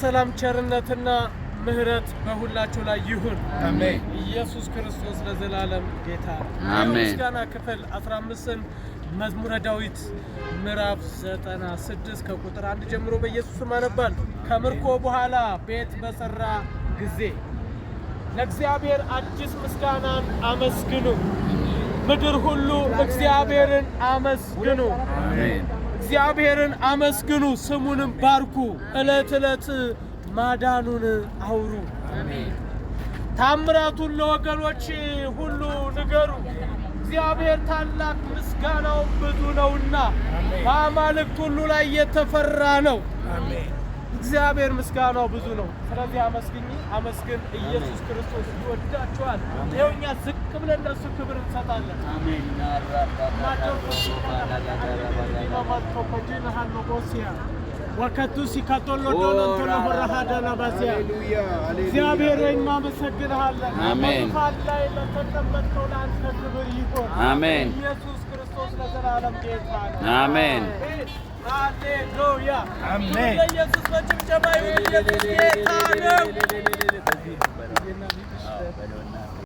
ሰላም ቸርነትና ምህረት በሁላችሁ ላይ ይሁን። አሜን። ኢየሱስ ክርስቶስ ለዘላለም ጌታ አሜን። ምስጋና ክፍል 15ን መዝሙረ ዳዊት ምዕራፍ 96 ከቁጥር አንድ ጀምሮ በኢየሱስ ስም ከምርኮ በኋላ ቤት በሰራ ጊዜ ለእግዚአብሔር አዲስ ምስጋናን አመስግኑ፣ ምድር ሁሉ እግዚአብሔርን አመስግኑ። አሜን። እግዚአብሔርን አመስግኑ፣ ስሙንም ባርኩ፣ ዕለት ዕለት ማዳኑን አውሩ፣ ታምራቱን ለወገኖች ሁሉ ንገሩ። እግዚአብሔር ታላቅ ምስጋናው ብዙ ነውና በአማልክት ሁሉ ላይ የተፈራ ነው። እግዚአብሔር ምስጋናው ብዙ ነው። ስለዚህ አመስግኝ አመስግን። ኢየሱስ ክርስቶስ ይወዳቸዋል። ይኸውኛ ዝቅ ብለን ለእሱ ክብር እንሰጣለን። ወከቱሲካቶሎ ዶሎንቶለሆረሃደናባሲያ እግዚአብሔር እናመሰግንሃለን። ዙፋን ላይ ለተቀመጥከው ለአንተ ክብር ይሆን። አሜን። ኢየሱስ ክርስቶስ ለዘላለም ጌታ ነው። አሜን። ሃሌሉያ። አሜን። ኢየሱስ በጭብጨባ ይሁን። ኢየሱስ ጌታ ነው።